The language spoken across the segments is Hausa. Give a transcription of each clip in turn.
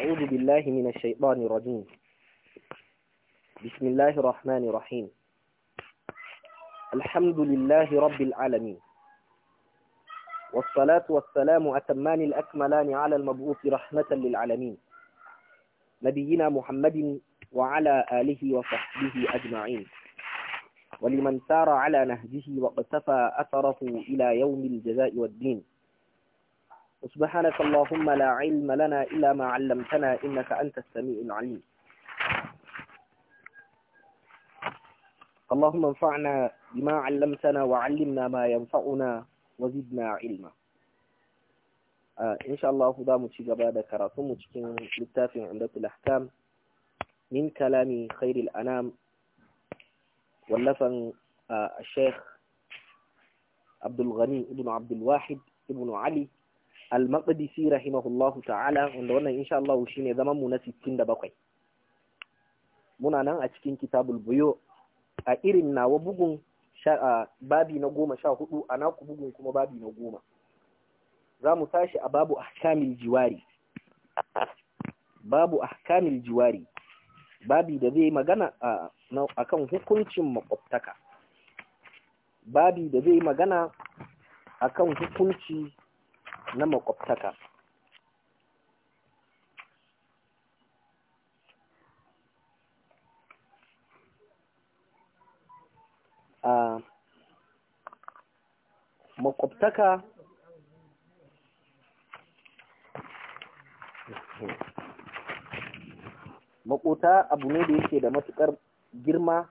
أعوذ بالله من الشيطان الرجيم بسم الله الرحمن الرحيم الحمد لله رب العالمين والصلاة والسلام أتمان الأكملان على المبعوث رحمة للعالمين نبينا محمد وعلى آله وصحبه أجمعين ولمن سار على نهجه واقتفى أثره إلى يوم الجزاء والدين وسبحانك اللهم لا علم لنا إلا ما علمتنا إنك أنت السميع العليم اللهم انفعنا بما علمتنا وعلمنا ما ينفعنا وزدنا علما آه، إن شاء الله ذا متشجبا ذكرتم متشكين للتافع عند الأحكام من كلام خير الأنام واللفن آه، الشيخ عبد الغني ابن عبد الواحد ابن علي al-maqdisi rahimahullahu ta'ala wanda wannan insha Allah shine zaman mu na 67 muna nan a cikin kitabul buyo a irin nawa bugun babi na goma sha hudu a naku bugun kuma babi na goma za mu tashi a babu ahkamil jiwari babu ahkamil jiwari babi da zai magana a kan hukuncin maƙwabtaka, babi da zai magana a kan hukunci na makwabtaka a makwabtaka makota abu ne da yake da matukar girma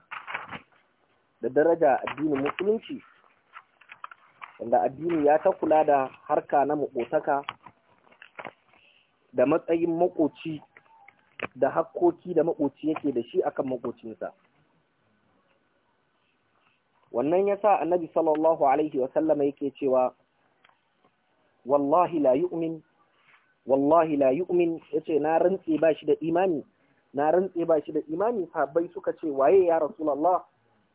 da daraja addinin musulunci wanda addini ya ta kula da harka na maƙotaka da matsayin maƙoci da hakkoki da makoci yake da shi akan maƙocinsa wannan ya sa annabi sallallahu alaihi wasallama yake cewa wallahi la yu'min wallahi la yu'min yace na rantse ba shi da imani na rantse ba shi da imani sahabbai suka ce waye ya rasulullah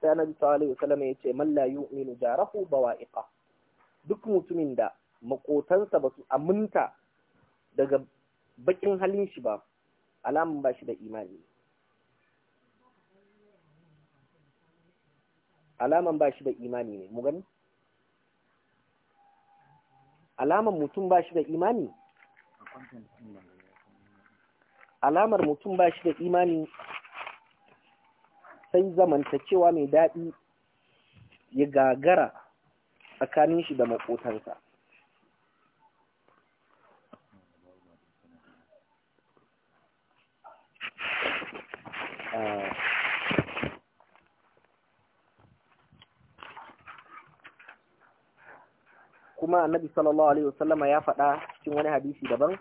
sai annabi sallallahu alaihi wasallam yace man la yu'minu jarahu bawa'iqah duk mutumin da makotansa ba su aminta daga bakin halin shi ba alamun ba shi da imani alaman ba shi da imani ne mu gani alaman mutum ba shi da imani alamar mutum ba shi da imani sai zamanta cewa mai daɗi ya gagara tsakanin shi da makotansa ah. kuma annabi sallallahu alaihi wasallam ya faɗa cikin wani hadisi daban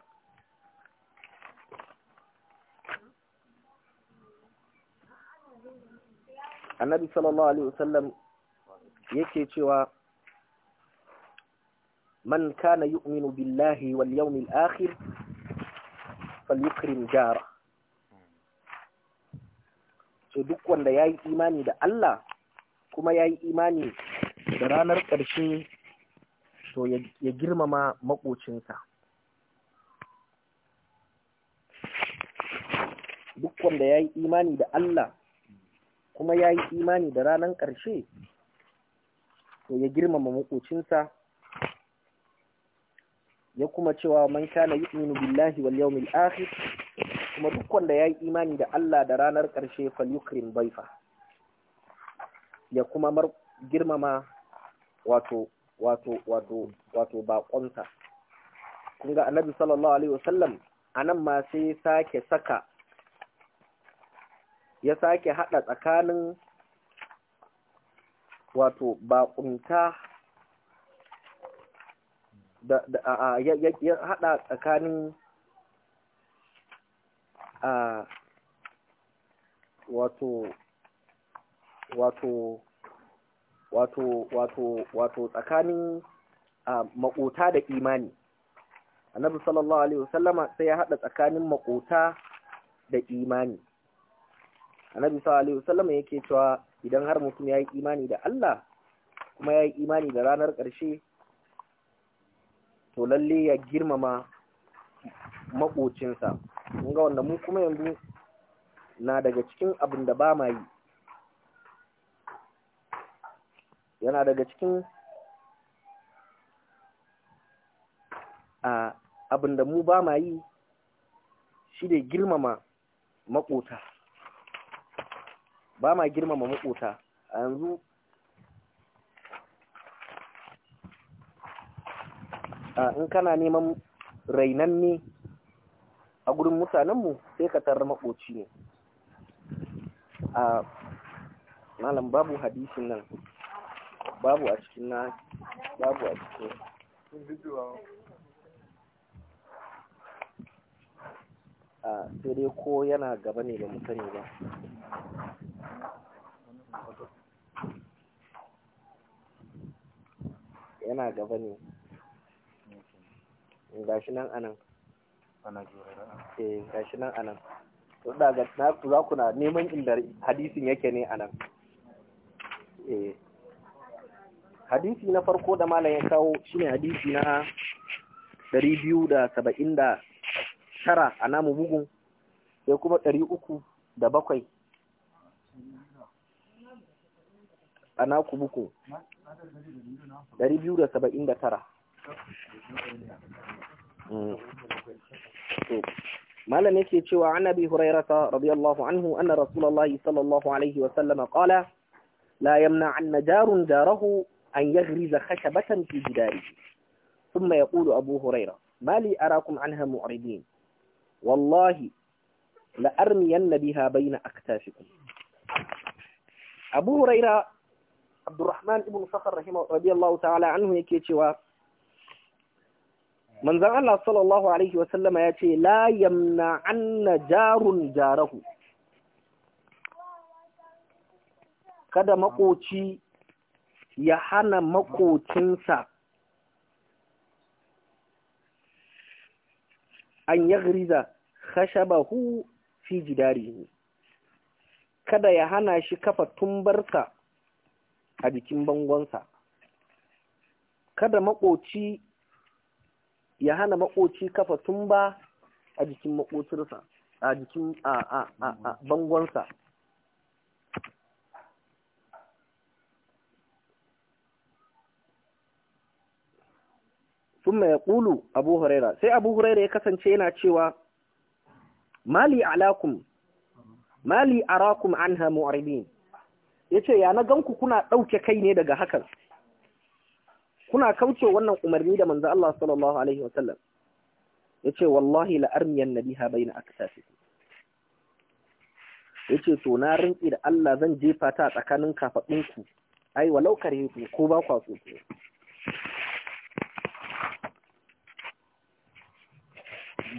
annabi sallallahu alaihi wasallam yake cewa من كان yu'minu billahi wal الآخر akhir falyukrim jara so duk wanda yi imani da Allah kuma imani da ranar ƙarshe to ya girmama makocinsa duk wanda imani da Allah kuma imani da ranar ƙarshe to ya girmama maƙocinsa. ya kuma cewa man kana yu'minu billahi wal yawmil akhir kuma duk wanda yayi imani da Allah da ranar karshe falyukrim bayfa ya kuma mar girmama wato wato wato wato baƙonsa kun ga annabi sallallahu alaihi wasallam anan ma sai sake saka ya sake hada tsakanin wato baƙunta ya hada tsakanin wato wato wato wato wato tsakanin makota da imani annabi sallallahu alaihi wasallama sai ya hada tsakanin makota da imani annabi sallallahu alaihi wasallama yake cewa idan har mutum ya yi imani da Allah kuma ya yi imani da ranar ƙarshe to lalle ya girmama makocinsa kun ga wanda mu kuma yanzu na daga cikin abin da ba ma yi yana daga cikin abin da mu ba ma yi shi ne girmama makota ba ma girmama makota a yanzu in kana neman ne a gurin mutanenmu sai ka tarar makoci ne a malam babu hadisin nan babu a cikin na babu a cikin a sai dai ko yana gaba ne da mutane ba yana gaba ne gashi nan anan eh gashi nan anan to da ga na ku za ku na neman inda hadisin yake ne anan eh hadisi na farko da malam ya kawo shine hadisi na 279 a namu bugun sai kuma 307 a naku buku 279 ماذا نكي تشوى عن أبي هريرة رضي الله عنه أن رسول الله صلى الله عليه وسلم قال لا يمنع عن جار جاره أن يغرز خشبة في جداره ثم يقول أبو هريرة ما لي أراكم عنها معرضين والله لأرمين بها بين أكتافكم أبو هريرة عبد الرحمن بن صخر رحمه رضي الله تعالى عنه يكي تشوى manzan Allah sallallahu alaihi wasallama ya ce la yamna anna jarun jarahu kada makoci ya hana makocinsa an yaghriza khashabahu fi jidarihi kada ya hana shi kafa tumbarsa a jikin bangonsa kada makoci ya hana makoci kafa tumba a jikin makocinsa a jikin a bangonsa sun ya ƙulu abu huraira sai abu huraira ya kasance yana cewa mali alakum mali arakum anha mu'aribin ce ya na ganku kuna ɗauke kai ne daga hakan kuna kauce wannan umarni da manzo Allah sallallahu alaihi wasallam yace wallahi la armiyan nabiha baina aktafi yace to na rinki da Allah zan jefa ta tsakanin ku ai walau kare ku ko ba kwa tsoke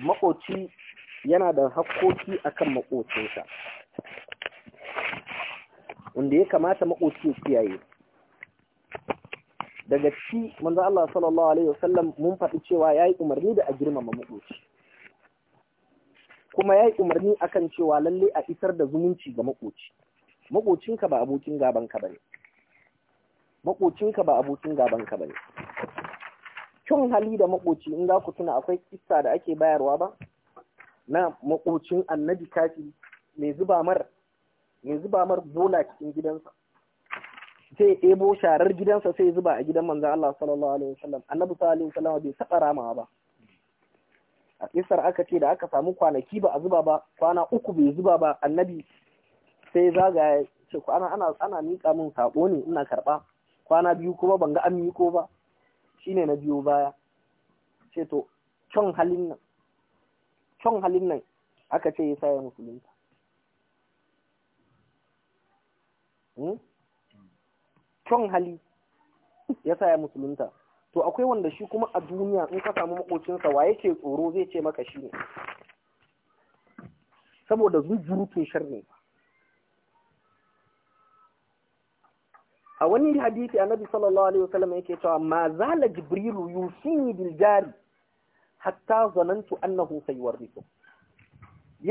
makoci yana da hakkoki akan makocinsa wanda ya kamata makoci ya kiyaye daga ci manzo Allah sallallahu alaihi wasallam mun faɗi cewa yayi umarni da a girmama makoci kuma yayi umarni akan cewa lalle a isar da zumunci ga makoci makocinka ba abokin gaban ka bane makocinka ba abokin gaban ka bane kin hali da makoci in za ku tuna akwai kissa da ake bayarwa ba na makocin annabi kafi mai zuba mar mai zuba mar bola cikin gidansa sai ya ɗebo sharar gidansa sai ya zuba a gidan manzan Allah sallallahu alaihi wasallam annabi sallallahu alaihi wasallam bai taɓa ramawa ba a kisar aka ce da aka samu kwanaki ba a zuba ba kwana uku bai zuba ba annabi sai ya ce kwana ana ana miƙa min sako ne ina karɓa kwana biyu kuma ban ga an miko ba shine na biyo baya ce to kyon halin nan kyon halin nan aka ce ya ya musulunta hmm? kyan hali ya sa ya musulunta to akwai wanda shi kuma a duniya in ka samu makocinsa wa yake tsoro zai ce maka shi ne saboda zujurutun sharri a wani hadisi annabi sallallahu alaihi wasallam yake cewa ma zala jibrilu yusini bil jari hatta zanantu annahu Ya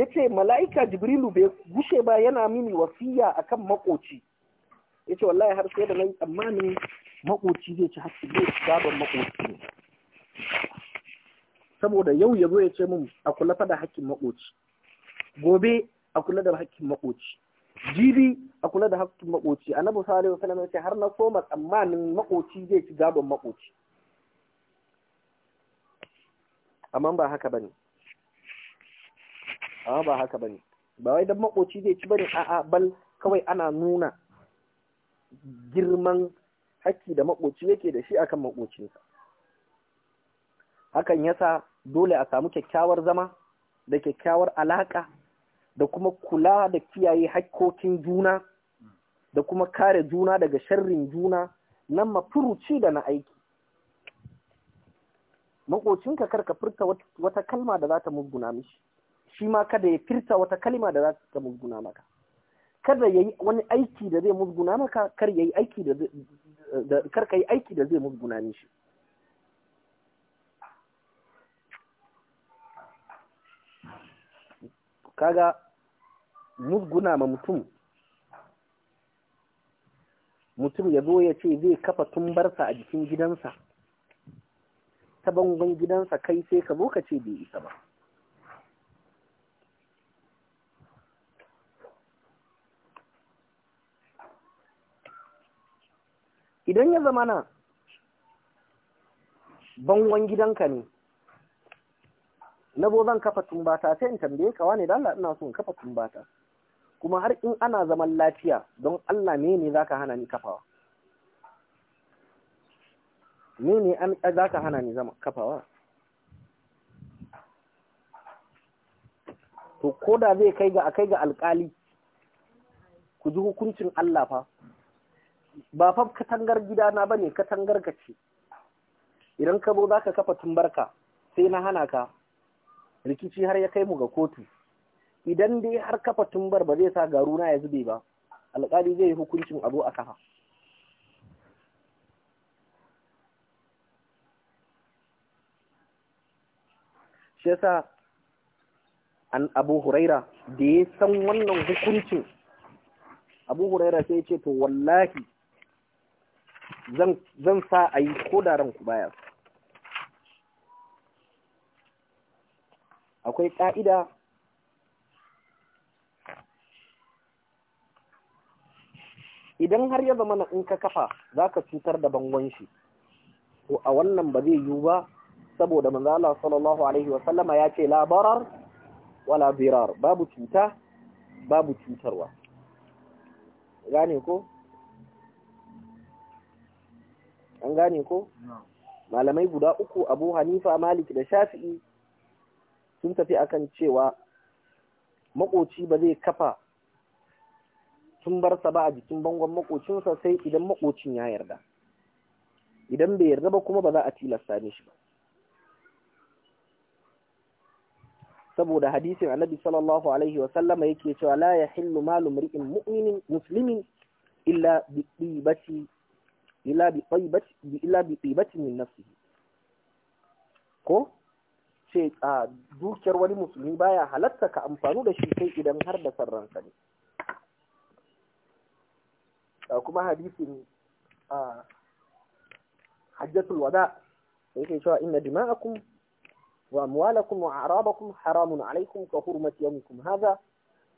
yace mala'ika jibrilu bai gushe ba yana mini wasiya akan makoci ya ce wallahi har sai da na yi tsammanin makoci zai ci haske zai ci gaban makoci ne saboda yau ya zo ya ce min a kula fa da hakkin makoci gobe a kula da hakkin makoci jibi a kula da hakkin makoci annabi sallallahu alaihi wasallam ya ce har na koma tsammanin makoci zai ci gaban makoci amma ba haka bane amma ba haka bane ba wai dan makoci zai ci bane a'a bal kawai ana nuna girman hakki da makoci yake da shi akan makocinsa hakan yasa dole a samu kyakkyawar zama da kyakkyawar alaƙa, da kuma kula da kiyaye hakkokin juna da kuma kare juna daga sharrin juna nan mafuruci da na aiki makocinka ka furta wata kalma da za ta muguna mishi shi ma kada ya firta wata kalma da za ta muguna maka kada yayi wani aiki da zai musguna maka kar yayi aiki da kar kai aiki da zai musguna mishi kaga musguna ma mutum mutum ya zo ya ce zai kafa tumbarsa a jikin gidansa ta bangon gidansa kai sai ka zo ka ce bai isa ba idan ya zama na bangon gidanka ne na zo zan kafa tumbata sai in tambaye ka wane da Allah ina so in kafa tumbata kuma har in ana zaman lafiya don Allah me ne zaka hana ni kafawa me ne an zaka hana ni zama kafawa to koda zai kai ga akai ga alkali ku ji hukuncin Allah fa ba fa katangar gidana ba ne katangar ka ce idan ka zo za ka kafa tumbarka sai na hana ka rikici har ya kai mu ga kotu idan dai har kafa tumbar ba zai sa garuna ya zube ba alƙali zai yi hukuncin abu a kafa shi yasa an abu huraira da ya san wannan hukuncin abu huraira sai ce to wallahi zan sa a yi ko da ranku baya akwai ƙa'ida idan har ya zama na in ka kafa za ka cutar da bangon shi Ko a wannan ba zai yiwu ba saboda manzala sallallahu alaihi wasallama ya ce labarar wala birar babu cuta babu cutarwa gane ko an gane ko malamai guda uku abu hanifa malik da shafi'i sun tafi akan cewa makoci ba zai kafa sun bar sa ba a jikin bangon makocinsa sai idan makocin ya yarda idan bai yarda ba kuma ba za a tilasta mishi ba saboda hadisin annabi sallallahu alaihi wa sallama yake cewa la yahillu malu mri'in mu'minin muslimin illa bi dibati إلا بطيبة إلا بطيبة من نفسه كو شيء آه، دور كرولي مسلمين بايا حالتا كأمفانو دا شيء كي إدن هرد سران كني آه، كما حديث آه، حجة الوداء يقول إيه شو إن دماءكم وأموالكم وأعرابكم حرام عليكم كحرمة يومكم هذا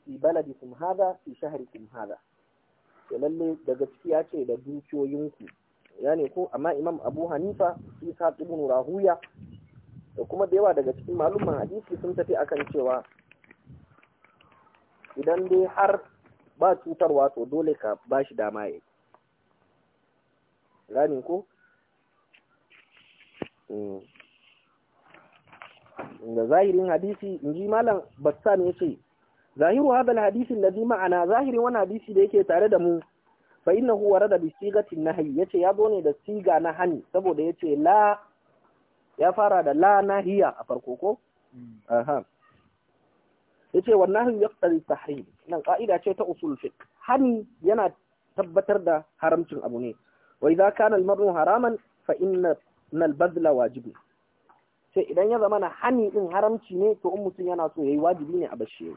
في بلدكم هذا في شهركم هذا to lalle daga ciki ya ce da dukiyoyinku yani ko amma imam abu hanifa isa ibn rahuya da kuma da yawa daga cikin malumman hadisi sun tafi akan cewa idan dai har ba cutarwa to dole ka ba shi dama ya gani ko da hmm. zahirin hadisi in ji malam bassam ya ce zahiru hadisin da alladhi ma'ana zahiri wani hadisi da yake tare da mu fa innahu warada bi sigati nahyi yace ya zo ne da siga na hani saboda yace la ya fara da la nahiya a farko ko hmm. aha yace wannan tsari tahrim nan ka'ida ce ta usul fiqh hani yana tabbatar da haramcin abu ne Wai idza kana al-mar'u haraman fa inna al-badla sai idan ya zama na hani din haramci ne to in mutum yana so ya yi wajibi ne a bashi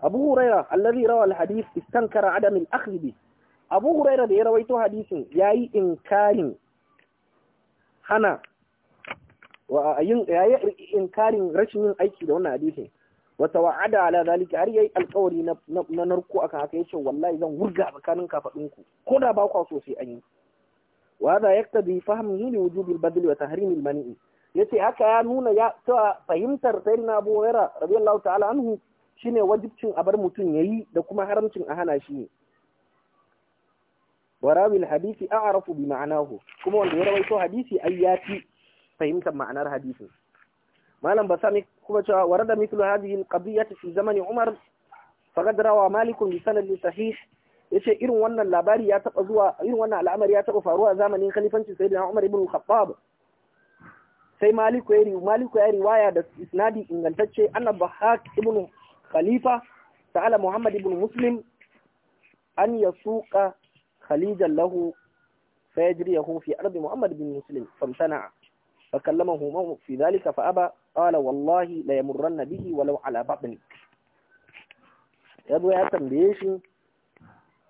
abu huraira allazi rawa al-hadith istankara adam al-akhdh bi abu huraira da ya rawaito hadisin yayi inkarin hana wa ayin yayi inkarin rashin yin aiki da wannan hadisin wa tawa'ada ala zalika har yayi alƙawari na narko akan haka yace wallahi zan wurga tsakanin kafadinku ko da ba kwa so sai an yi wa hada yaktabi fahmihi li wujubi al-badl wa tahrim al Ya yace haka ya nuna ya fahimtar sayyidina Abu Huraira radiyallahu ta'ala anhu Shi ne wajibcin a bar mutum yi da kuma haramcin a hana shi ne warawi hadisi a'rafu bi ma'anahu kuma wanda ya rawaito hadisi ai fi fahimtar ma'anar hadisi. malam basami kuma cewa warada mithlu hadhihi al-qadiyyah fi zamani umar faqad rawa malik bi sanad sahih yace irin wannan labari ya taba zuwa irin wannan al'amari ya taba faruwa zamanin khalifancin sayyidina umar ibn khattab sai maliku ya riwaya da isnadi ingantacce ana bahaq ibn khalifa ta'ala Muhammad ibn Muslim an yasuqa khalijan lahu fa yajriyahu fi ardi Muhammad ibn Muslim famtana fa kallamahu ma fi dhalika fa aba qala wallahi la yamurranna bihi walau ala babni yadwa ya tambaye shi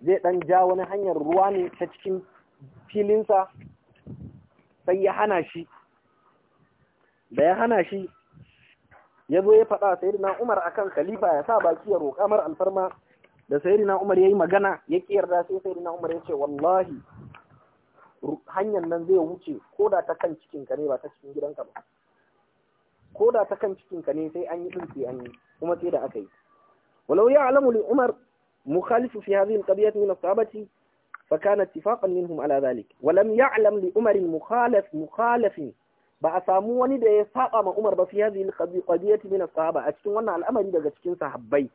zai ɗan ja wani hanyar ruwa ne ta cikin filinsa sai da ya hana shi ya zo ya faɗa sayidina Umar akan khalifa ya sa baki ya roƙa mar alfarma da sayidina Umar yayi magana ya yarda sai sayidina Umar ya ce wallahi hanyar nan zai wuce ko da ta kan cikin ka ne ba ta cikin gidanka ba ko da ta kan cikin ka ne sai an yi din sai an yi kuma sai da aka yi walau ya alamu li Umar mukhalifu fi hadhihi al-qadiyah min as-sahabati fa kana ittifaqan minhum ala dhalik wa lam ya'lam li Umar mukhalaf mukhalafin ba a samu wani da ya saba ma Umar ba fi hadhihi al-qadiyati min as-sahaba a cikin wannan al'amari daga cikin sahabbai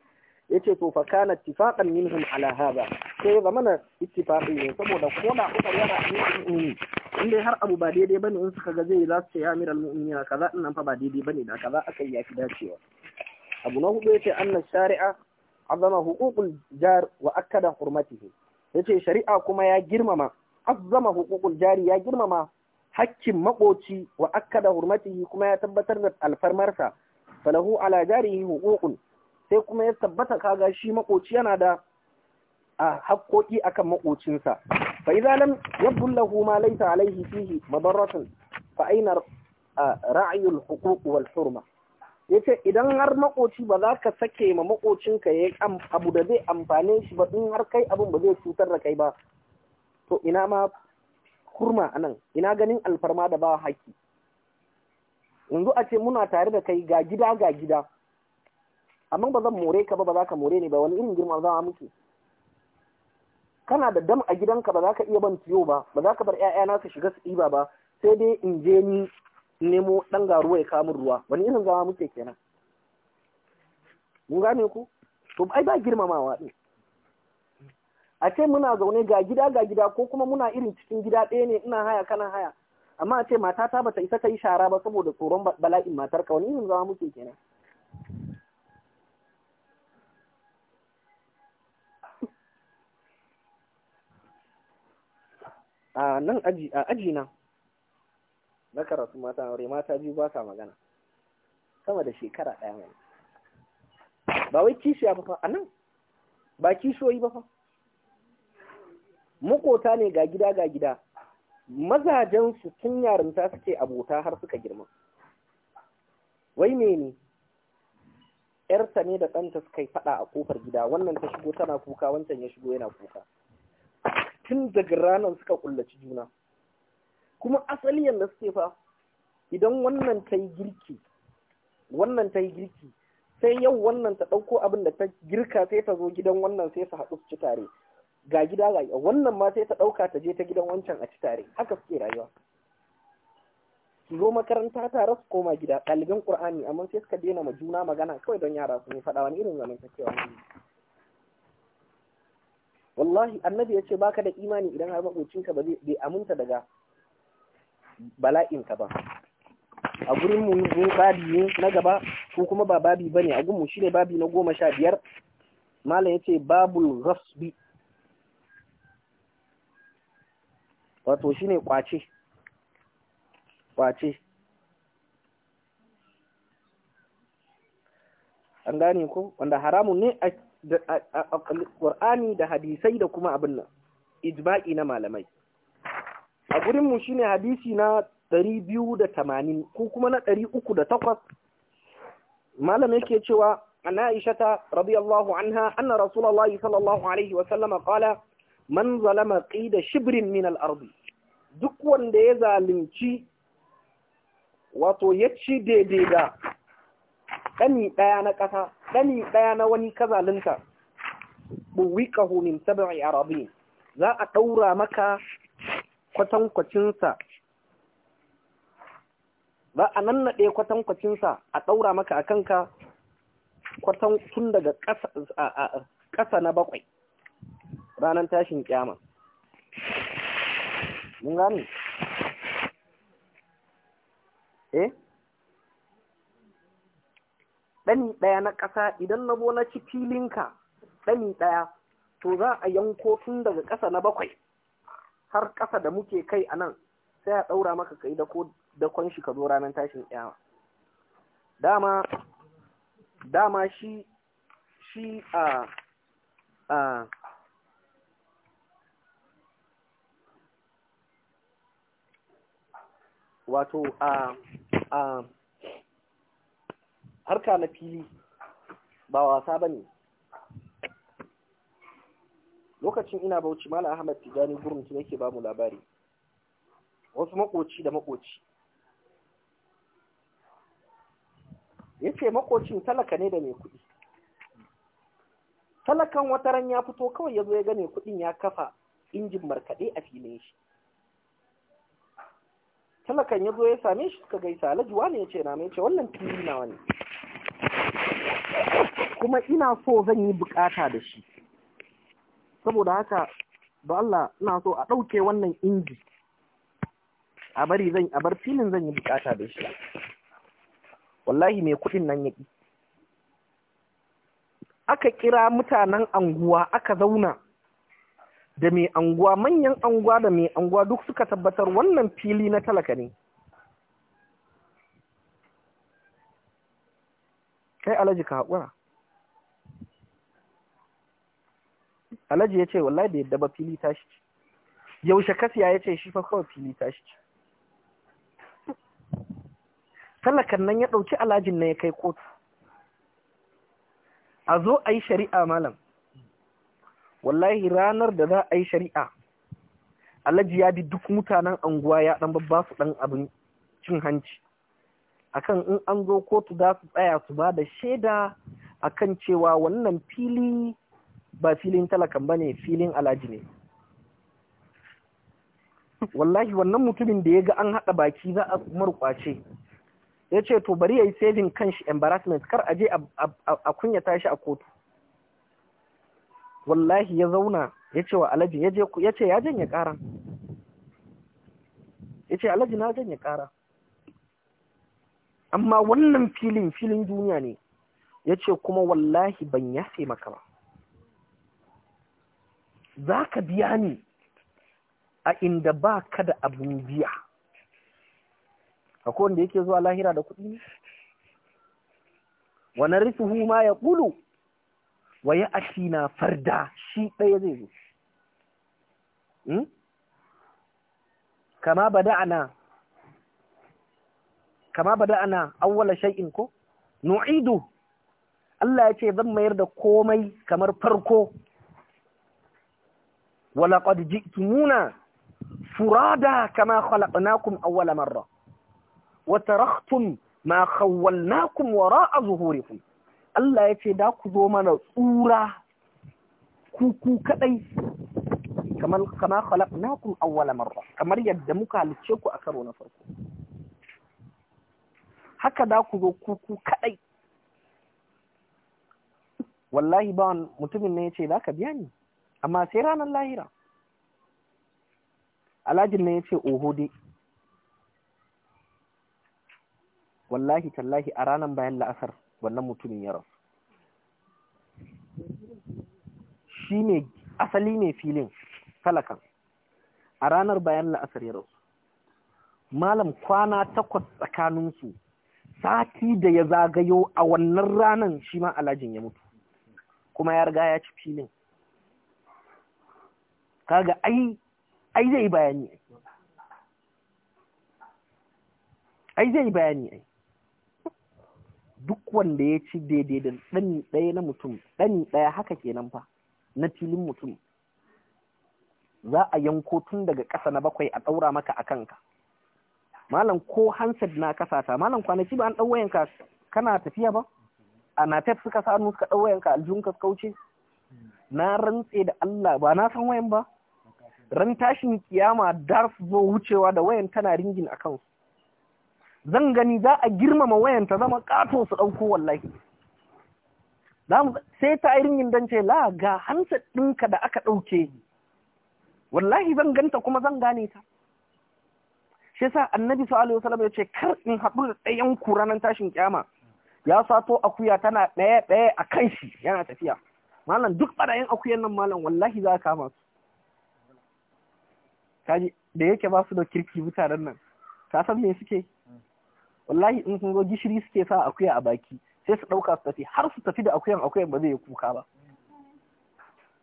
yace to fa kana ittifaqan minhum ala hada sai ba mana ittifaqi ne saboda ko da Umar yana mu'mini inda har abu ba daidai bane in suka ga zai za su ce ya amiral mu'minin kaza nan fa ba daidai bane da kaza aka yi yafi dacewa abu na hudu yace anna shari'a azama huququl jar wa akkada hurmatihi yace shari'a kuma ya girmama azama huququl jari ya girmama hakkin maƙoci wa akkada hurmatihi kuma ya tabbatar da alfarmarsa falahu ala jarihi huququn sai kuma ya tabbata kaga shi maƙoci yana da a hakkoki akan maƙocinsa fa idza lam yabdul lahu ma laysa alayhi fihi madarratun fa aina ra'yul huquq wal hurma yace idan har makoci ba za ka sake ma maƙocinka yayi abu da zai amfane shi ba in har kai abun ba zai cutar da kai ba to ina ma a anan ina ganin alfarma da ba haƙƙi yanzu a ce muna tare da kai ga gida ga gida amma ba zan more ka ba ba za ka more ni ba wani irin girma za a muke kana da dam a gidanka ba za ka iya ban tiyo ba ba za ka bar ƴaƴana su shiga su ɗiba ba sai dai in je ni nemo ɗan garuwa ya kamun ruwa wani irin zama muke kenan mun gane ku to ai ba girmamawa ɗin a ce muna zaune ga gida ga gida ko kuma muna irin cikin gida ɗaya ne ina haya kana haya amma a ce matata bata isa ta yi shara ba saboda tsoron bala'in matar ka wani yin zama muke kenan a nan aji a aji na na karatu mata aure mata biyu ba sa magana sama da shekara ɗaya mai ba wai kishiya ba fa a nan ba kishiyoyi ba fa makota ne ga gida ga gida mazajensu sun yarinta suke abota har suka girma wai mene yarta ne da ɗanta suka yi faɗa a kofar gida wannan ta shigo tana kuka wancan ya shigo yana kuka tun daga ranar suka kullaci juna kuma asali yadda suke fa idan wannan ta yi girki wannan ta yi girki sai yau wannan ta ɗauko abin da ta girka sai ta zo gidan wannan sai su haɗu su ci tare ga gida ga wannan ma sai ta ɗauka ta je ta gidan wancan a ci tare haka suke rayuwa su zo makaranta tare su koma gida ɗaliban ƙur'ani amma sai suka daina ma juna magana kawai don yara su ne faɗa wani irin zamantakewa ne wallahi annabi ya ce baka da imani idan har maƙocinka ba zai aminta daga bala'inka ba a gurin mu ne babi ne na gaba ko kuma ba babi bane a mu shine babi na goma sha biyar malam yace babul ghasbi wato shine kwace kwace an gane ku? wanda haramun ne a ƙur'ani da hadisai da kuma abin nan Ijima'i na malamai a gurinmu shine hadisi na 280 ko kuma na 308 malam yake cewa an aisha ta radiyallahu anha anna Rasulallah, sallallahu alaihi wa kala man zalama qida shibrin min al-ardi duk wanda ya zalunci wato ya ci daidai da ɗani daya na kasa dani daya na wani kazalinta bu wiqahu min sab'i arabi za a daura maka kwatankwacinsa a nannaɗe sa a ɗaura maka a kanka kwatan tun daga kasa na bakwai ranar tashin kyama mun gani? eh ɗani ɗaya na ƙasa idan na na ci filinka ɗani ɗaya to za a yanko tun daga ƙasa na bakwai har ƙasa da muke kai a nan sai a ɗaura maka kai da dakon shi ka zo ranan tashin kyama, dama dama shi shi a a wato a a harka na fili ba wasa bane lokacin ina bauchi mala ahmad tijani su yake ba mu labari wasu makoci da makoci yace makocin talaka ne da mai kuɗi talakan wata ran ya fito kawai ya zo ya gane kuɗin ya kafa injin markaɗe a filin shi talakan ya zo ya same shi suka gaisa alhaji wani ya ce na mai ce wannan fili na wani kuma ina so zan yi bukata da shi saboda haka ba Allah ina so a ɗauke wannan inji a bari zan a bar filin zan yi bukata da shi wallahi mai kuɗin nan yaki aka kira mutanen anguwa aka zauna da mai anguwa manyan anguwa da mai anguwa duk suka tabbatar wannan fili na talaka ne kai alaji ka haƙura alaji ya ce wallahi da yadda ba fili tashi ce yaushe kasiya ya ce shi fa kawai fili tashi ce talakan nan ya ɗauki alajin na ya kai kotu a zo a yi shari'a malam wallahi ranar da za a yi shari'a alhaji ya bi duk mutanen anguwa ya dan babba su dan abin cin hanci akan in an zo kotu za su tsaya su ba da shaida akan cewa wannan fili ba filin talakan ba ne filin alhaji ne wallahi wannan mutumin da ya ga an haɗa baki za a marƙwace ya ce to bari ya yi saving kanshi embarrassment kar a je a kunyata shi a kotu wallahi ya zauna ya ce wa alaji ya ce ya janye ƙara. ya ce alaji na janye ƙara amma wannan filin filin duniya ne ya ce kuma wallahi ban yafe maka ba za ka biya ni a inda ba ka da abin biya a wanda yake zuwa lahira da kuɗi ne wani rufuhu ma ya ƙulu wa ya ashina farda shi ɗaya zai zo hmm? kama bada'ana kama awwala shay'in ko nu'idu Allah ya ce zan mayar da komai kamar farko wala qad ji'tumuna furada kama khalaqnakum awwala marra wa taraktum ma khawwalnakum a zuhurikum Allah ya ce da ku zo mana tsura kuku kadai kamar kama khalaqnakum awwala marra kamar yadda muka halice ku a karo na farko haka da ku zo kuku kadai wallahi ba mutumin ne yace zaka biya ni amma sai ranar lahira alajin ne yace oho dai wallahi tallahi a ranar bayan la'asar wannan mutumin ya rasu shi ne asali ne filin talakan a ranar bayan la'asar ya rasu malam kwana takwas tsakaninsu sati da ya zagayo a wannan ranar shi ma alajin ya mutu kuma ya riga ya ci filin kaga ai ai zai bayani ai zai bayani ai duk wanda ya ci daidai da ɗan ɗaya na mutum ɗani ɗaya haka kenan fa na filin mutum za a yanko tun daga ƙasa na bakwai a ɗaura maka a kanka malam ko hansad na ta malam kwanaki ba an ka kana tafiya ba a tafi suka sa suka suka ɗauwayanka aljihun ka kauce na rantse da Allah ba na san wayan ba ran tashin kiyama dar zo wucewa da wayan tana ringin a kansu zan gani za a girmama wayan ta zama kato su ɗauko wallahi sai ta yi ringin ce la ga hansa ɗinka da aka ɗauke wallahi zan ganta kuma zan gane ta shi sa annabi sallallahu alaihi wasallam ya ce kar in haɗu da ɗayan ku ranar tashin kyama ya sato akuya tana ɗaya ɗaya a kan shi yana tafiya malam duk ɓarayin akuyan nan malam wallahi za ka kama su kaji da yake ba su da kirki mutanen nan ka san me suke wallahi in sun zo gishiri suke sa akuya a baki sai su ɗauka su tafi har su tafi da akuyan akuyan ba zai yi kuka ba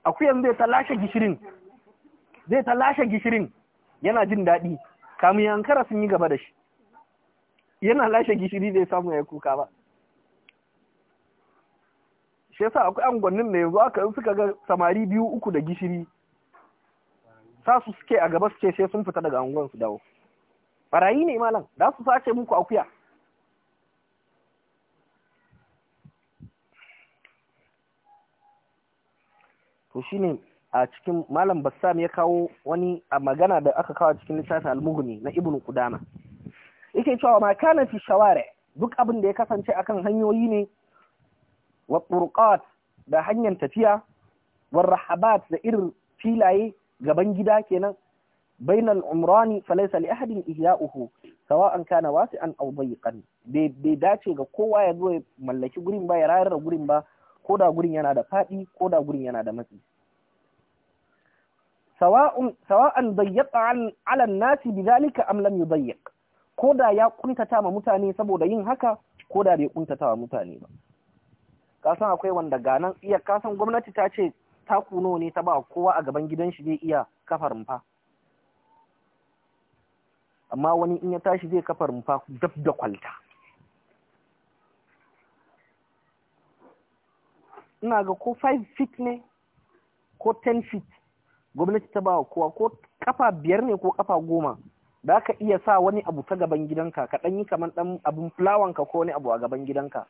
akuyan zai ta lashe gishirin zai ta lashe gishirin yana jin daɗi kamun yankara sun yi gaba da shi yana lashe gishiri zai samu ya kuka ba shi yasa akwai angwannin da yanzu aka in suka ga samari biyu uku da gishiri sa su suke a gaba suke sai sun fita daga angon su dawo barayi ne malam za su sace muku akuya to shi ne a cikin malam bassam ya kawo wani a magana da aka kawo cikin littafin almughni na Ibn qudama yake cewa ma kana fi shawari duk abin da ya kasance akan hanyoyi ne wa turqat da hanyar tafiya wa rahabat da irin filaye gaban gida kenan بين العمران فليس لأحد إحياؤه سواء كان واسعا أو ضيقا bai dace ga kowa ya ملكي غورين mallaki gurin ba ya rayar da gurin ba ko da gurin yana da faɗi ko da gurin yana da matsi sawa'an dayyaqa ala nasi bidhalika am lam yudayyiq ko da ya kuntata ma mutane saboda yin haka ko da bai kuntata ma mutane ba ka san akwai wanda ganan iya ka san gwamnati ta ce ta kuno ne ta ba kowa a gaban gidan shi zai iya kafar fa. amma wani in ya tashi zai kafa rumfa dab da kwalta ina ga ko 5 feet ne ko 10 feet gwamnati ta bawa kowa ko kafa biyar ne ko kafa goma da ka iya sa wani abu ta gaban gidanka ka ɗanyi yi kamar ɗan abin fulawanka ko wani abu a gaban gidanka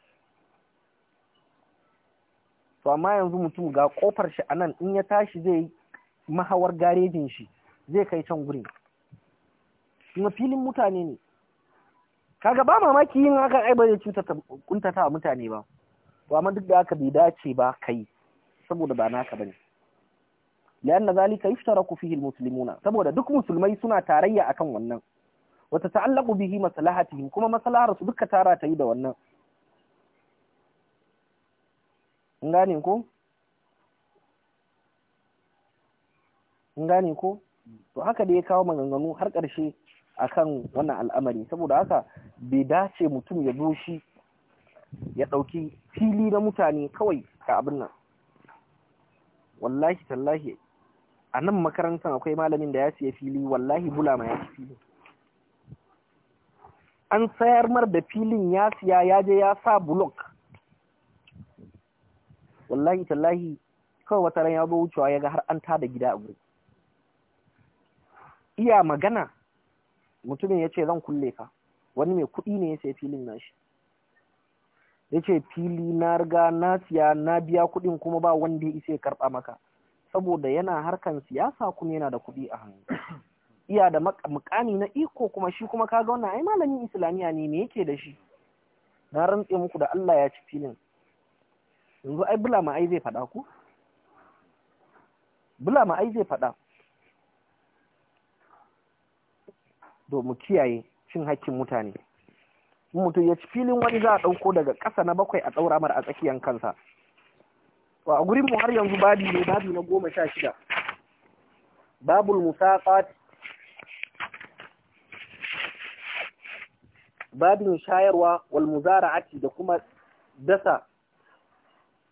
to amma yanzu mutum ga kofar shi a nan in ya tashi zai mahawar garejin shi zai kai can gurin kuma filin mutane ne kaga ba mamaki yin hakan ai ba zai cutata kuntata wa mutane ba to amma duk da haka bai dace ba kai saboda ba naka bane لأن zalika yushtaraku fihi almuslimuna saboda duk musulmai suna tarayya akan wannan wata ta'allaqu bihi maslahatihim kuma maslahar su duka tara ta yi da wannan ngani ko ngani ko to haka da ya kawo maganganu har ƙarshe akan wannan al'amari saboda haka bai dace mutum ya zo shi ya ɗauki fili na mutane kawai ka abin nan wallahi tallahi a nan makarantar akwai malamin da ya siya fili wallahi bulama ya ci fili an sayar mar da filin ya siya ya je ya sa blok wallahi tallahi kawai wata ran ya zo wucewa ya ga har an tada gida a gurin. iya magana mutumin ya ce zan kulle ka wani mai kuɗi ne ya sai filin nashi ya ce fili na riga na siya na biya kuɗin kuma ba wanda ya isa ya karɓa maka saboda yana harkan siyasa kuma yana da kuɗi a hannu iya da mukami na iko kuma shi kuma kaga wannan ai malamin islamiya ne me yake da shi na rantse muku da Allah ya ci filin yanzu ai bula ma ai zai faɗa ku Bula ma ai zai faɗa domin kiyaye cin haƙƙin mutane in mutum ya ci filin wani za a ɗauko daga ƙasa na bakwai a ɗaura mara a tsakiyar kansa to a gurin mu har yanzu babi ne babi na goma sha shida babul musaqat babin shayarwa wal muzara'ati da kuma dasa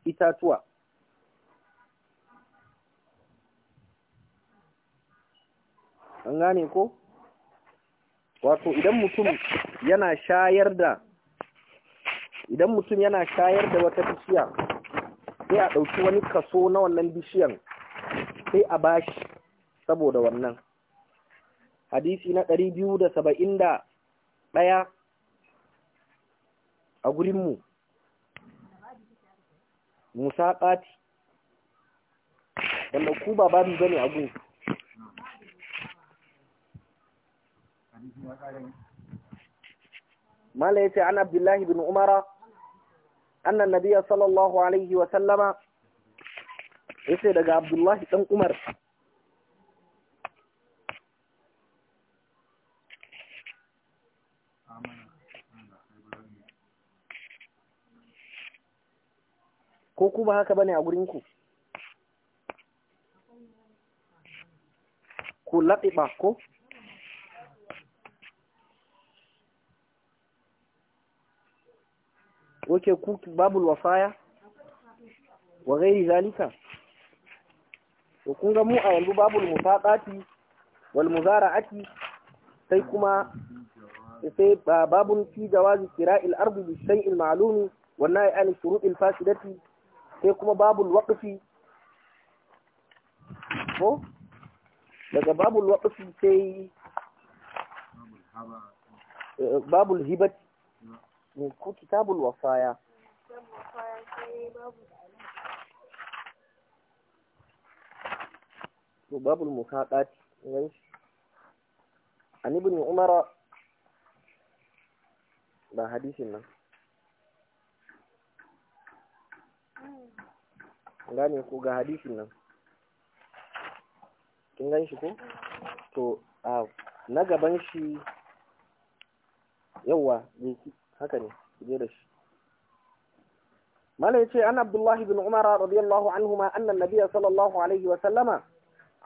itatuwa an gane ko wato idan mutum yana shayar da idan mutum yana shayar da wata bishiya sai a ɗauki wani kaso na wannan bishiyan sai a bashi saboda wannan hadisi na ɗari biyu da saba'in da ɗaya a gurinmu musaƙati wanda ku ba babu zane a gurinmu mala ce an abdullahi bin umara anna Nabiya sallallahu alaihi wa sallama ce daga abdullahi ɗan umar ko ku ba haka bane a gurin ku ku ba ko oke ku babul wasaya wa gairi zalika to kun ga mu a yanzu babul mufaqati wal muzara'ati sai kuma sai babun fi jawazi qira'il ardi bi shay'il ma'lumi wa nahy an shurutil fasidati sai kuma babul waqfi ko daga babul waqfi sai babul hibati ne ko kitabul wasaya to babul muhaqat wai an ibn umar ba hadisin nan gane ko ga hadisin nan kin gan shi ko to a na gaban shi yawa haka ne je da shi mala yace an abdullahi bin umara radiyallahu anhuma anna nabiyya sallallahu alaihi wa sallama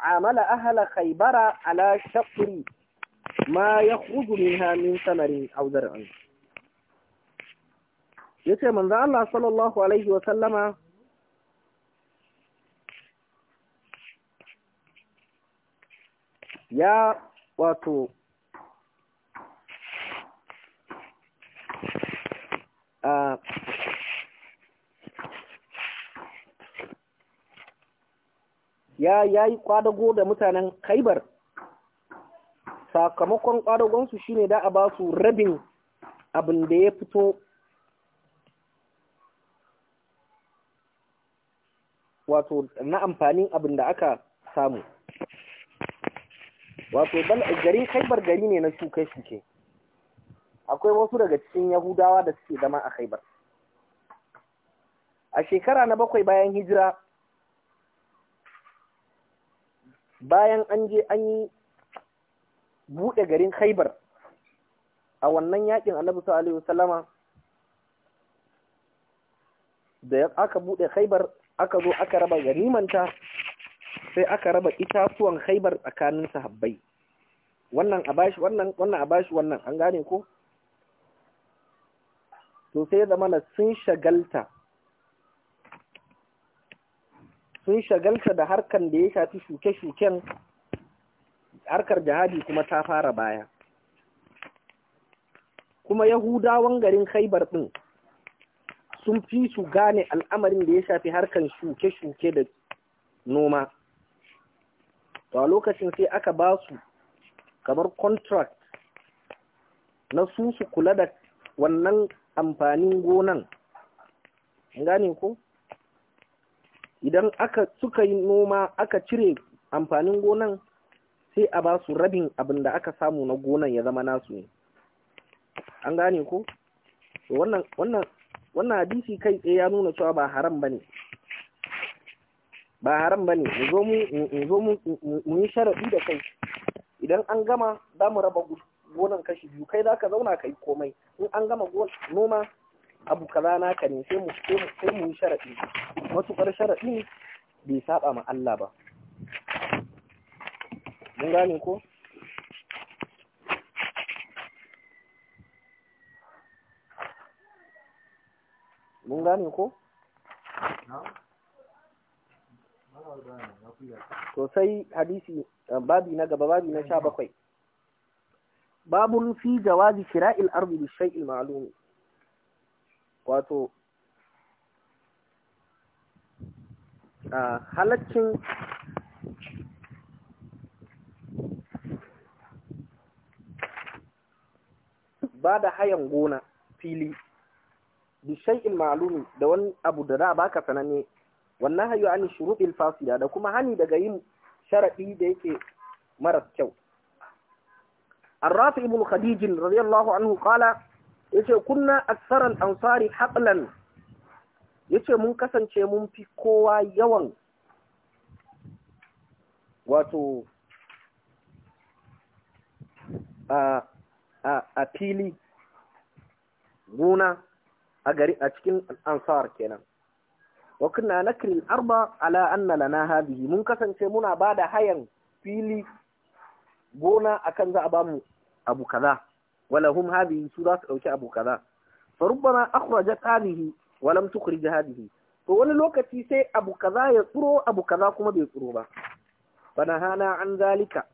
amala ahla khaybara ala shaqri ma yakhruju minha min samarin aw zar'in yace manzo Allah sallallahu alaihi wa sallama ya wato Uh, ya yi kwadago da mutanen Khaibar sakamakon kwadagonsu ne da a ba su rabin abin da ya fito wato na amfanin abin da aka samu wato garin Khaibar gari ne na suke ke? akwai wasu daga cikin Yahudawa da suke zama a Khaibar. A shekara na bakwai bayan hijira, bayan an je an yi buɗe garin Khaibar a wannan yakin Annabi sallallahu alaihi wasallama da aka buɗe Khaibar aka zo aka raba ganimanta sai aka raba itatuwan Khaibar tsakanin sahabbai. Wannan a bashi wannan wannan a bashi wannan an gane ko? to sai na sun shagalta sun shagalta da harkar da ya shafi shuke-shuken harkar jihadi kuma ta fara baya kuma yahudawan garin khaibar ɗin sun fi su gane al'amarin da ya shafi harkar shuke-shuke da noma to a lokacin sai aka ba su kamar contract na su su kula da wannan amfanin gonan gane ko idan aka suka yi noma aka cire amfanin gonan sai a ba su rabin abin da aka samu na gonan ya zama nasu ne an gane ko wannan wannan wannan hadisi kai tsaye ya nuna cewa ba haram bane ba haram bane mu zo mu mu yi sharadi da kai idan an gama za mu raba gudu gonan kashi biyu kai za ka zauna ka yi komai in an gama noma abu kaza naka ne sai mu sai mu sharaɗi matuƙar sharaɗi bai saba ma Allah ba mun gane ko mun gane ko to sai hadisi babi na gaba babi na sha bakwai babun fi jawazi shira'il ardi bi shay'il ma'lum wato halaccin ba da hayan gona fili bi ma'lumi da wani abu da za baka sananne wannan hayu an shuru'il fasida da kuma hani daga yin sharaɗi da yake maras kyau الرافع بن خديج رضي الله عنه قال yace kunna aksaran ansari haqlan yace mun kasance mun fi kowa yawan wato a fili gona a gari a cikin ansar kenan wa na nakri al-arba ala anna lana hadhihi mun kasance muna bada hayan fili gona akan za a ba mu abu kaza wala hum hadhihi su za su dauki abu kaza fa rubbama akhraja talihi wa lam tukhrij hadhihi to wani lokaci sai abu kaza ya tsuro abu kaza kuma bai tsuro ba bana hana an zalika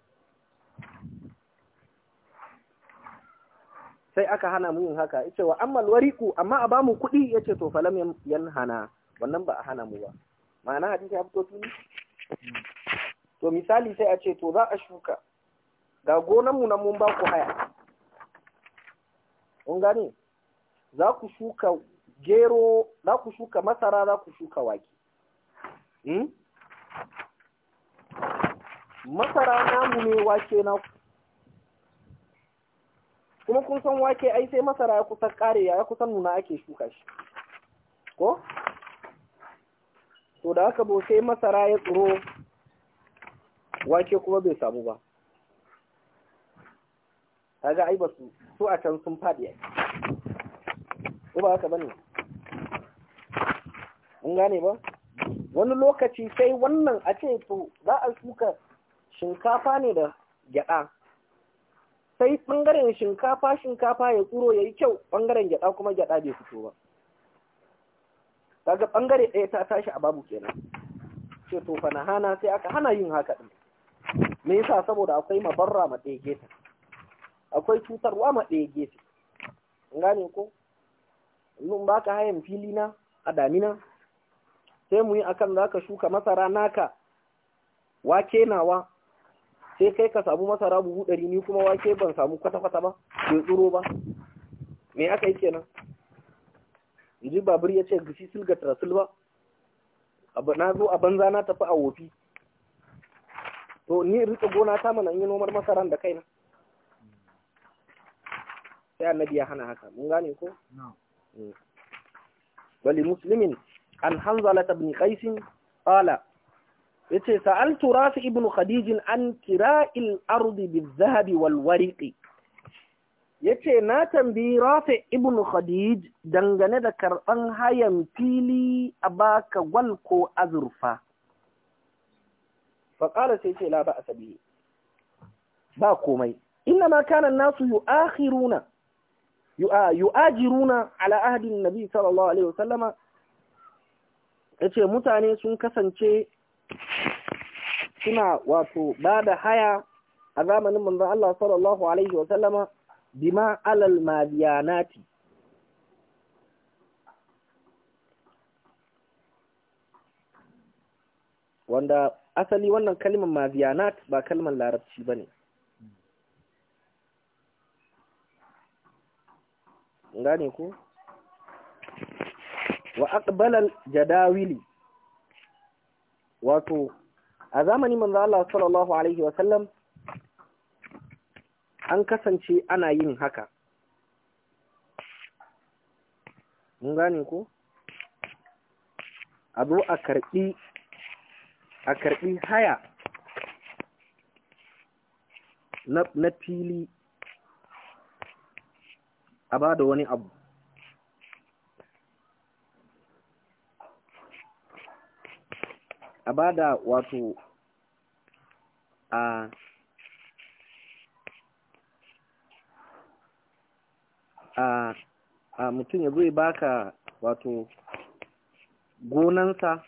sai aka hana mu yin haka yace wa amma wariqu amma a bamu kuɗi yace to falam yanhana wannan ba a hana mu ba ma'ana hadisi ya fito tuni to misali sai a ce to za a shuka ga gonanmu nan mun ba ku haya kun gane za ku shuka gero za ku shuka masara za ku shuka wake hmm? masara namu ne wake na kuma kun san wake ai sai masara ya kusa kare ya kusan nuna ake shuka shi ko to da aka bo sai masara ya tsoro wake kuma bai samu ba kaga ai ba su a can sun faɗi ko ba haka bane an gane ba wani lokaci sai wannan a ce to za a shuka shinkafa ne da gyada sai bangaren shinkafa shinkafa ya tsuro yayi kyau bangaren gyada kuma gyada bai fito ba kaga bangare ɗaya ta tashi a babu kenan ce to fa hana sai aka hana yin haka din me yasa saboda akwai mabarra ma ɗaya gefen akwai cutarwa ma ɗaya gefe gane ko Mun ba ka hayan fili na a damina sai mu yi akan za ka shuka masara naka wake nawa sai kai ka samu masara buhu ɗari ni kuma wake ban samu kwata-kwata ba bai tsuro ba me aka yi kenan inji babur ya ce gishi silga tarasul ba na zo a banza na tafi a wofi to ni rika gona ta mana yi nomar masaran da kaina sai annabi ya hana haka mun gane ko wali muslimin an hanzala ibn qais qala yace sa'altu rafi ibn khadij an kira'il ardi bil-dhahabi wal-wariqi yace na tambayi rafi ibn khadij dangane da karban hayan fili a baka gwal ko azurfa faƙala sai ce la ba a sabi ba komai inna ma kanan nasu yu'akhiruna yu'ajiruna ala ahdin nabi sallallahu alaihi wasallama yace mutane sun kasance suna wato bada haya a zamanin manzon Allah sallallahu alaihi wasallama bima alal madiyanati wanda asali wannan kaliman madiyanat ba kalmar larabci bane gane ko wa aqbalal jadawili wato a zamanin manzo Allah sallallahu alaihi wa sallam an kasance ana yin haka mun gane ko a zo a karbi a karbi haya na fili a ba da wani abu a ba da wato a a a mutum ya zai baka wato gonansa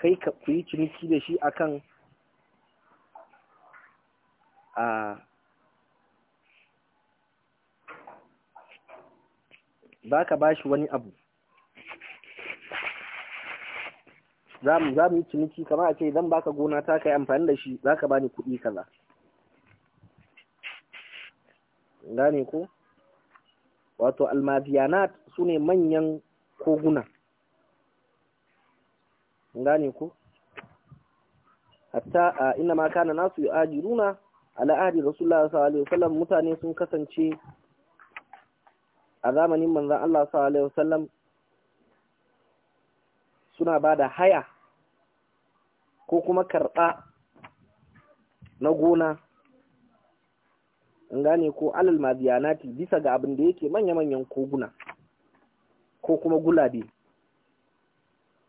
kai ka kuyi ciniki da shi akan a ba ka ba shi wani abu za mu yi ciniki kamar a ce zan ba ka gona ta ka amfani da shi za ka ba ni kuɗi kaza gane ko wato almaziyanat su ne manyan koguna gane ko hatta a ina ma kana nasu yi ajiruna ala'adi rasulullah sallallahu alaihi wasallam mutane sun kasance a zamanin manzan Allah sallallahu alaihi wasallam suna ba da haya ko kuma karɓa na gona in gane ko alal maziyanati bisa ga abin da yake manya-manyan koguna ko kuma gulabe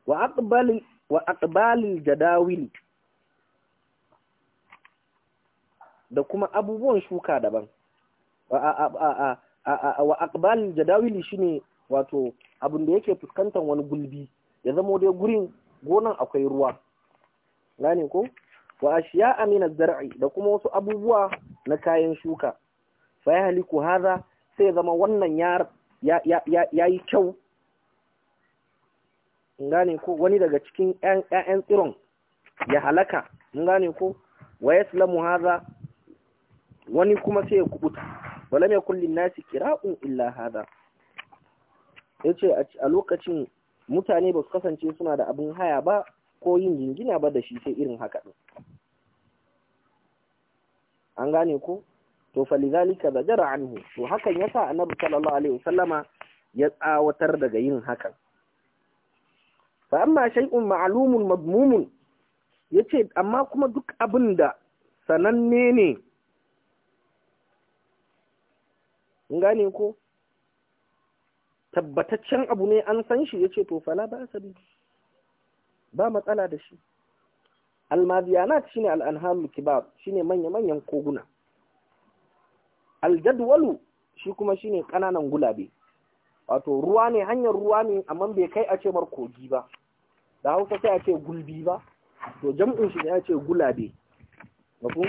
wa aqbalil jadawili da kuma abubuwan shuka daban a wa aqbalin jadawili shine wato abin da yake fuskantar wani gulbi ya zama dai gurin gonan akwai ruwa gane ko wa ashiya amina zar'i da kuma wasu abubuwa na kayan shuka fa ya haliku haza sai zama wannan ya yi kyau gane ko wani daga cikin 'ya'yan tsiron ya halaka gane ko wa yaslamu haza wani kuma sai ya kubuta walam yakul nasi qira'un illa hada yace a lokacin mutane ba su kasance suna da abin haya ba ko yin jingina ba da shi sai irin haka din an gane ko to falizalika zajara anhu to hakan yasa annabi sallallahu alaihi wasallama ya tsawatar daga yin hakan fa amma shay'un ma'lumun madmumun yace amma kuma duk abin da sananne ne gane ko tabbataccen abu ne an san shi yace to fala ba asabi ba matsala da shi almadiyanat shine al'anharul kibab shine manya-manyan koguna aljadwalu shi kuma shine kananan gulabe wato ruwa ne hanyar ruwa ne amma bai kai a ce kogi ba da hausa sai a ce gulbi ba to jam'in shi ne a ce gulabe mafi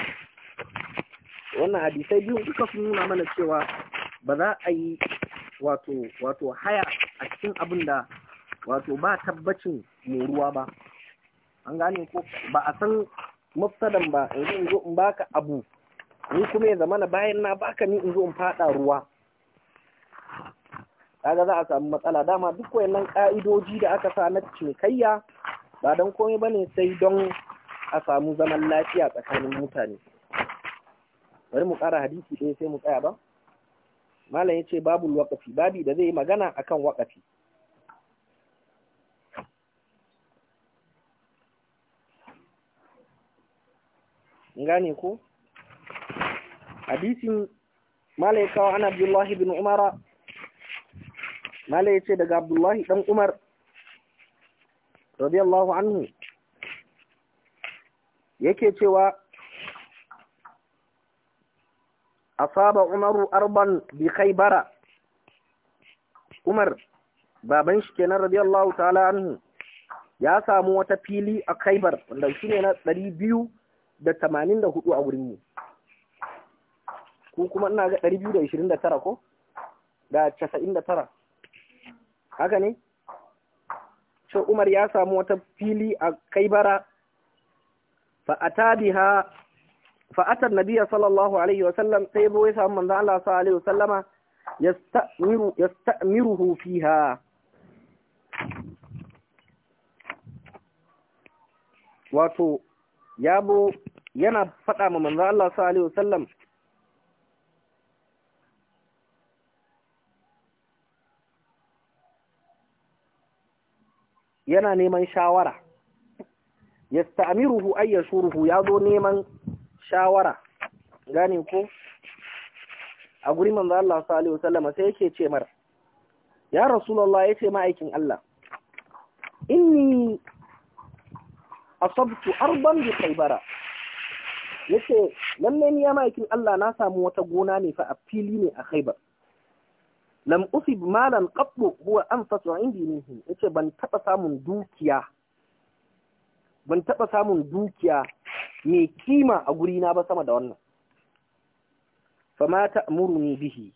wannan hadisai biyu kuka sun nuna mana cewa ba za a yi wato haya a cikin abin da wato ba tabbacin moruwa ba an gane ko ba a san mafsadan ba in zo in zo in baka abu ni kuma ya zama na bayan na baka ni in zo in fada ruwa kaga za a samu matsala dama duk wayannan ka'idoji da aka sa na cinikayya ba don komai bane sai don a samu zaman lafiya tsakanin mutane bari mu ƙara hadisi ɗaya sai mu tsaya ba malam ya ce babu waƙafi babi da zai yi magana akan waƙafi gane ko hadisin malam ya ana abdullahi bin umara malam ya ce daga abdullahi dan umar radiyallahu anhu yake cewa asaba umaru arban bi khaybara umar baban shi kenan radiyallahu ta'ala anhu ya samu wata fili a khaybar wanda shine na 284 a wurin mu ko kuma ina ga 229 ko da 99 haka ne sai umar ya samu wata fili a khaybara fa atabiha فأتى النبي صلى الله عليه وسلم سيبو إسا من ذا الله صلى الله عليه وسلم يستأمر يستأمره فيها واتو يابو ينا فتا من ذا الله صلى الله عليه وسلم ينا نيمان شاورة يستأمره أي شوره يابو نيمان shawara gane ko a guri manzo Allah sallallahu alaihi wasallam sai yake ce mar ya rasulullah yace ma'aikin Allah inni asabtu arban bi khaybara yace lalle ni ya ma'aikin Allah na samu wata gona ne fa a fili ne a Khaybar lam usib malan qattu huwa anfasu indi minhu yace ban taba samun dukiya ban taba samun dukiya mai kima a guri na ba sama da wannan famata ni bihi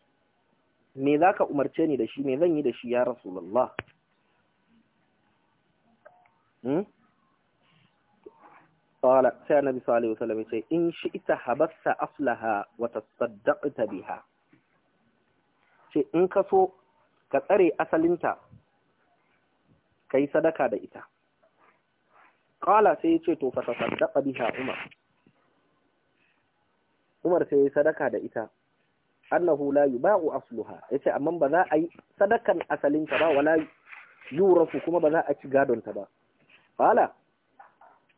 me zaka umarce ni da shi me zan yi da shi ya rasulullah hmm qala sai annabi sallallahu alaihi wasallam in shi'ta habassa aflaha wa tasaddaqta biha ce in ka so ka tsare asalinta kai sadaka da ita Kala sai ya ce, To, fata sadaka biha Umar. Umar sai ya sadaka da ita, annahu la yuba'u asluha, ya ce, Amma ba za a yi sadakan asalin ta ba, wala yurafu kuma ba za a ci gadon ta ba. Kala,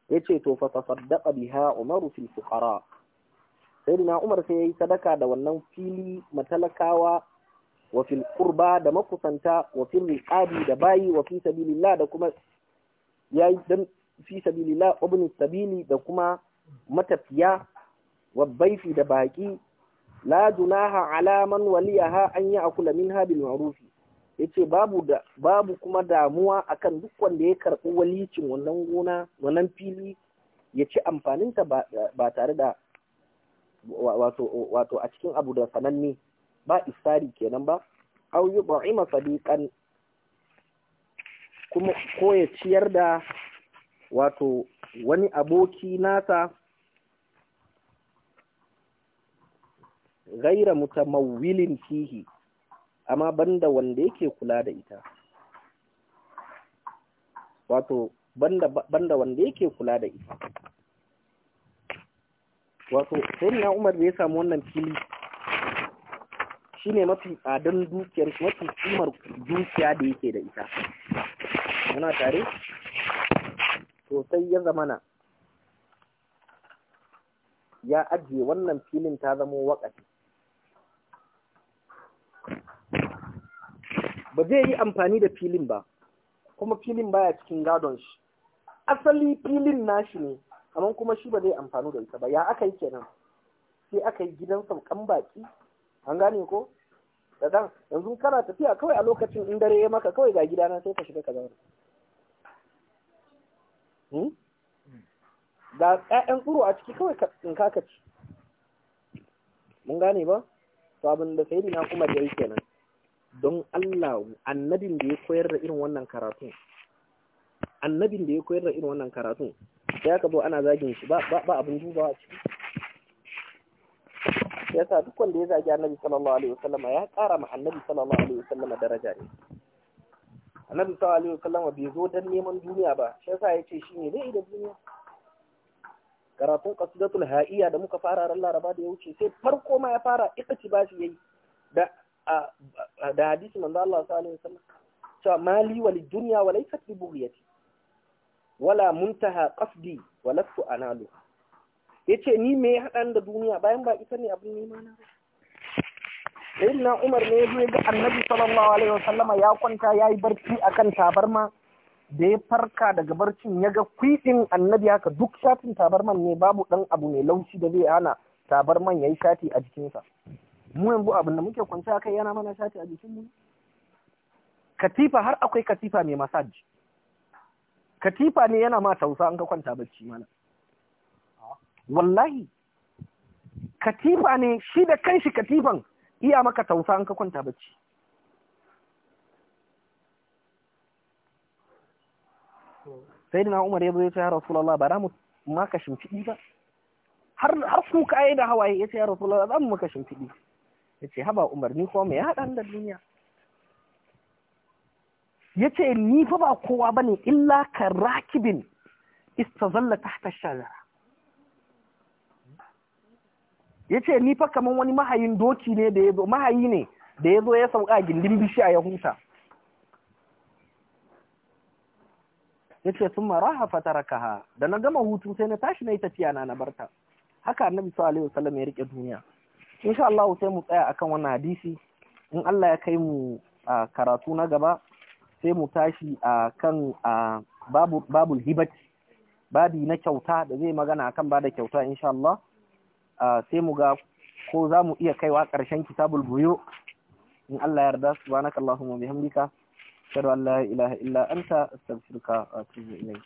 ya ce, To, fata sadaka biha Umar fi fuqara. Sai na Umar sai ya yi sadaka da wannan fili matalakawa wa fil qurba da makusanta wa fil riqabi da bayi wa fi sabilillah da kuma yayi dan fi sabilillah ibn sabili da kuma matafiya wa baifi da baki la junaha ala man waliyaha an ya'kula minha bil ma'ruf yace babu da babu kuma damuwa akan duk wanda ya karbi walicin wannan gona wannan fili ya ci amfanin ta ba tare da wato wato a cikin abu da sananni. ba isari kenan ba au ba'ima sadiqan kuma ko ya ciyar da wato wani aboki nasa gaira mutamawilin fihi amma banda wanda yake kula da ita wato banda banda wanda yake kula da ita wato na Umar da ya samu wannan fili shine mafi tsadan dukiyar mafi kimar dukiya da yake da ita muna tare sai ya zamana ya ajiye wannan filin ta zamo wakati ba zai yi amfani da filin ba kuma filin baya cikin gadon shi asali filin nashi ne amma kuma shi ba zai amfani da ita ba ya aka yi kenan sai aka yi gidan saukan baki an gane ko da dan yanzu kana tafiya kawai a lokacin in dare ya maka kawai ga gidana sai ka shiga ka zauna Hmm? Hmm. da ƴaƴan tsuro a ciki kawai in kaka ci mun gane ba to abin da sai na kuma da yake nan don Allah annabin da ya koyar da irin wannan karatun annabin da ya koyar da irin wannan karatun sai aka zo ana zagin shi ba ba abin duba a ciki yasa duk wanda ya zagi annabi sallallahu alaihi wasallama ya kara ma annabi sallallahu alaihi wasallama daraja ne annabi sallallahu alaihi wasallam bai zo dan neman duniya ba shi yasa yace shi dai da duniya karatun qasidatul ha'iya da muka fara ran laraba da ya wuce sai farko ma ya fara ikaci ba shi yayi da da hadisi manzo Allah sallallahu alaihi wasallam cewa mali wal dunya wa laysat bi bughyati wala muntaha qasdi wa lastu analu yace ni me hadan da duniya bayan ba ita ne abin neman na ba sayyidina Umar ne ya ga Annabi sallallahu alaihi wasallama ya kwanta yayi barci akan tabarma da ya farka daga barcin ya ga kwiɗin annabi haka duk shatin tabarman ne babu ɗan abu mai laushi da zai hana tabarman ya yi shati a jikinsa mu yanzu abin da muke kwanta kai yana mana shati a jikinmu katifa har akwai katifa mai masaj katifa ne yana ma tausa an ka kwanta barci mana wallahi katifa ne shi da kanshi katifan iya maka tausa an ka kwanta bacci sai dina umar ya zo ya ce ya rasulallah ba za mu maka shimfiɗi ba har su ka da hawaye ya ce ya rasulallah za mu maka shimfiɗi ya ce haba umar ni kuma mai haɗa da duniya ya ce ni fa ba kowa ba ne illa ka rakibin istazalla tahta shajara ya ce ni fa kamar wani mahayin doki ne da ya zo mahayi ne da ya zo ya sauka gindin bishiya ya huta ya ce sun maraha ha da na gama hutu sai na tashi na yi tafiya na na barta haka annabi sallallahu alaihi wasallam ya rike duniya insha Allah sai mu tsaya akan wannan hadisi in Allah ya kai mu karatu na gaba sai mu tashi a kan babul hibat babi na kyauta da zai magana akan ba da kyauta insha Allah Ah, sai mu ga ko za mu iya kaiwa ƙarshen kitabul buyo in Allah ya yarda subhanaka kallahu mu bihamdika ashhadu Allah ya ilaha illa anta astaghfiruka wa atubu ilayk